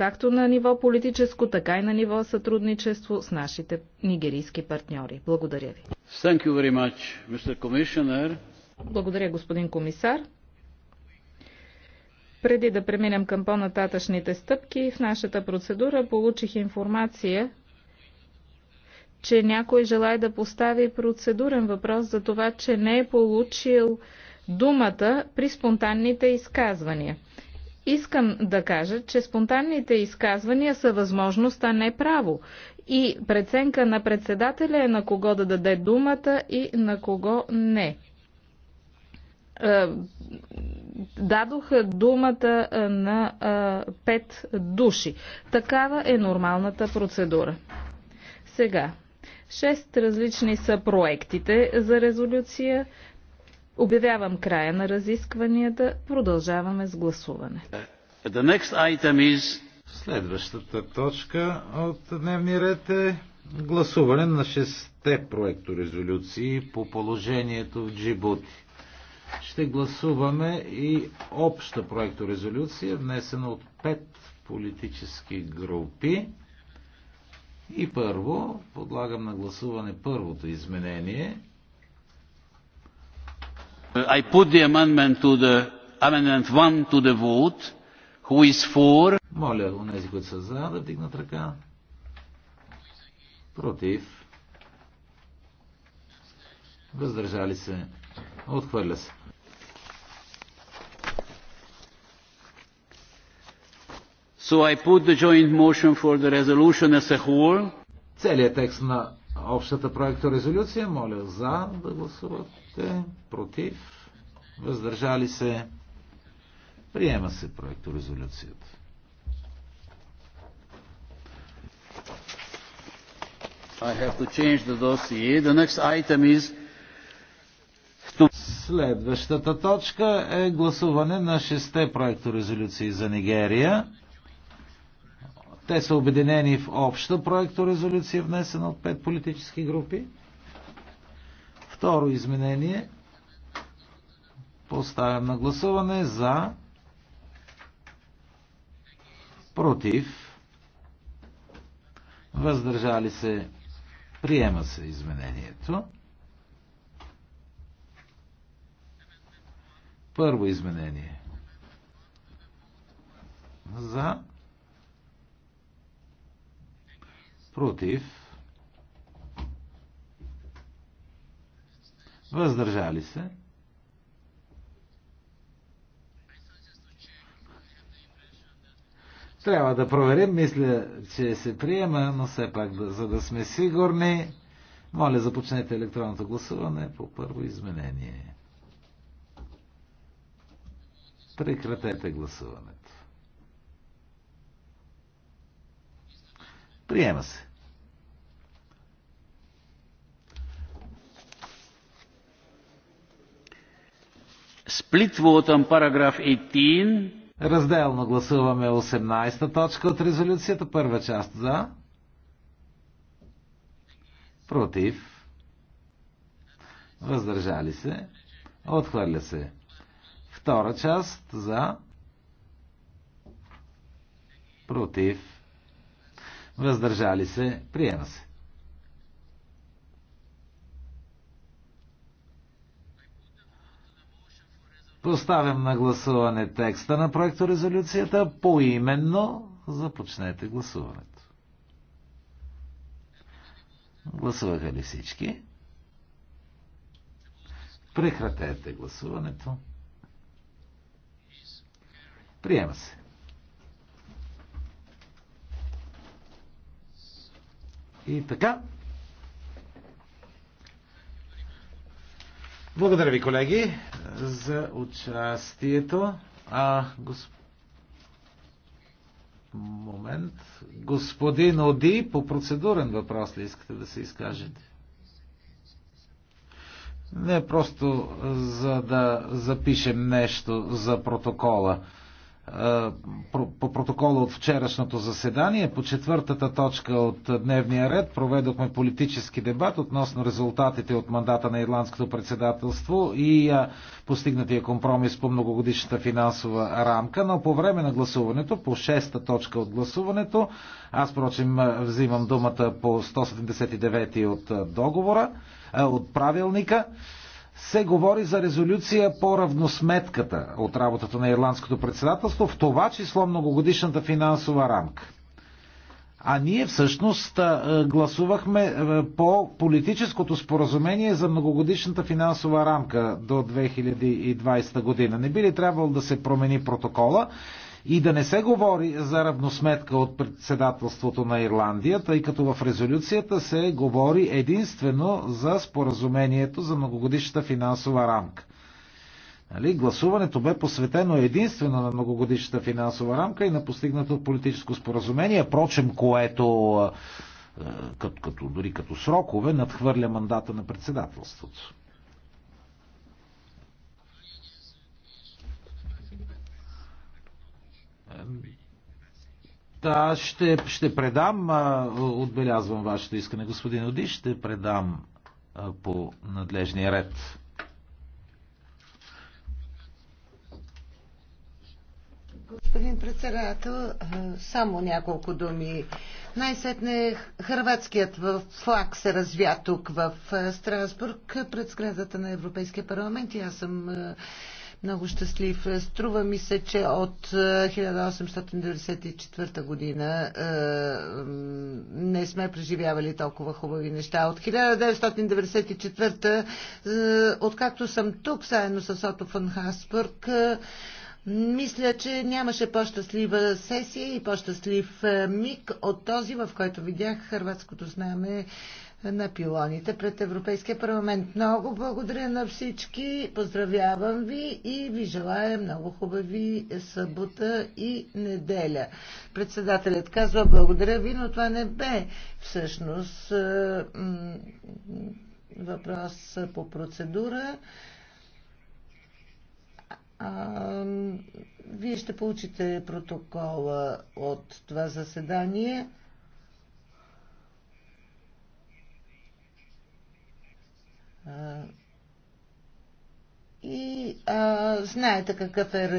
както на ниво политическо, така и на ниво сътрудничество с нашите нигерийски партньори. Благодаря ви. Thank you very much, Mr. Commissioner. Благодаря, господин комисар. Преди да преминем към по-нататъчните стъпки, в нашата процедура получих информация, че някой желая да постави процедурен въпрос за това, че не е получил думата при спонтанните изказвания. Искам да кажа, че спонтанните изказвания са възможност, а не право. И преценка на председателя е на кого да даде думата и на кого не. Е, дадох думата е, на е, пет души. Такава е нормалната процедура. Сега, шест различни са проектите за резолюция. Обявявам края на разискванията. Продължаваме с гласуване. Is... Следващата точка от дневния ред е гласуване на шесте резолюции по положението в Джибути. Ще гласуваме и обща резолюция, внесена от пет политически групи. И първо, подлагам на гласуване първото изменение – I put the amendment to the amendment 1 to the vote. Who is for? Моля, онези които са за, да вдигнат ръка. Против. Въздържали се. Отхвърля се. So I put the joint motion for the resolution as a whole. Целият текст на общата проекторезолюция. Моля за да гласувате. Против. Въздържали се. Приема се проекторезолюцията. I have to change the dossier. The next item is Следващата точка е гласуване на шесте резолюции за Нигерия. Те са обединени в обща проекторезолюция, внесена от пет политически групи. Второ изменение поставям на гласуване за против въздържали се приема се изменението. Първо изменение за против, въздържали се. Трябва да проверим, мисля, че се приема, но все пак, за да сме сигурни, моля, започнете електронното гласуване по първо изменение. Прекратете гласуването. Приема се. Split vote on paragraph 18. Разделно гласуваме 18-та точка от резолюцията. Първа част за. Против. Въздържали се. Отхвърля се. Втора част за. Против. Въздържали се. Приема се. Поставям на гласуване текста на проекторезолюцията поименно. Започнете гласуването. Гласуваха ли всички? Прекратете гласуването. Приема се. И така, Благодаря ви, колеги, за участието. А, госп... Момент. Господин Оди, по процедурен въпрос ли искате да се изкажете? Не просто за да запишем нещо за протокола. Е, по протокола от вчерашното заседание. По четвъртата точка от дневния ред проведохме политически дебат относно резултатите от мандата на ирландското председателство и е, постигнатия компромис по многогодишната финансова рамка, но по време на гласуването, по шеста точка от гласуването, аз, прочим, взимам думата по 179 от договора, е, от правилника, се говори за резолюция по равносметката от работата на Ирландското председателство, в това число многогодишната финансова рамка. А ние всъщност гласувахме по политическото споразумение за многогодишната финансова рамка до 2020 година. Не би ли трябвало да се промени протокола, и да не се говори за равносметка от председателството на Ирландия, тъй като в резолюцията се говори единствено за споразумението за многогодишната финансова рамка. Нали? Гласуването бе посветено единствено на многогодишната финансова рамка и на постигнато политическо споразумение, прочем, което е, е, като, като, дори като срокове надхвърля мандата на председателството. Да, ще, ще предам, отбелязвам вашето искане, господин Оди, ще предам по надлежния ред. Господин председател, само няколко думи. Най-сетне хрватският флаг се развя тук в Страсбург пред сградата на Европейския парламент и аз съм много щастлив. Струва ми се, че от 1894 е, година е, не сме преживявали толкова хубави неща. От 1994, е, откакто съм тук, заедно с Ото фон Хасбург, мисля, че нямаше по-щастлива сесия и по-щастлив е, миг от този, в който видях хрватското знаме на пилоните пред Европейския парламент. Много благодаря на всички, поздравявам ви и ви желая много хубави събота и неделя. Председателят казва благодаря ви, но това не бе всъщност е, въпрос по процедура. А, вие ще получите протокола от това заседание. А, и а, знаете какъв е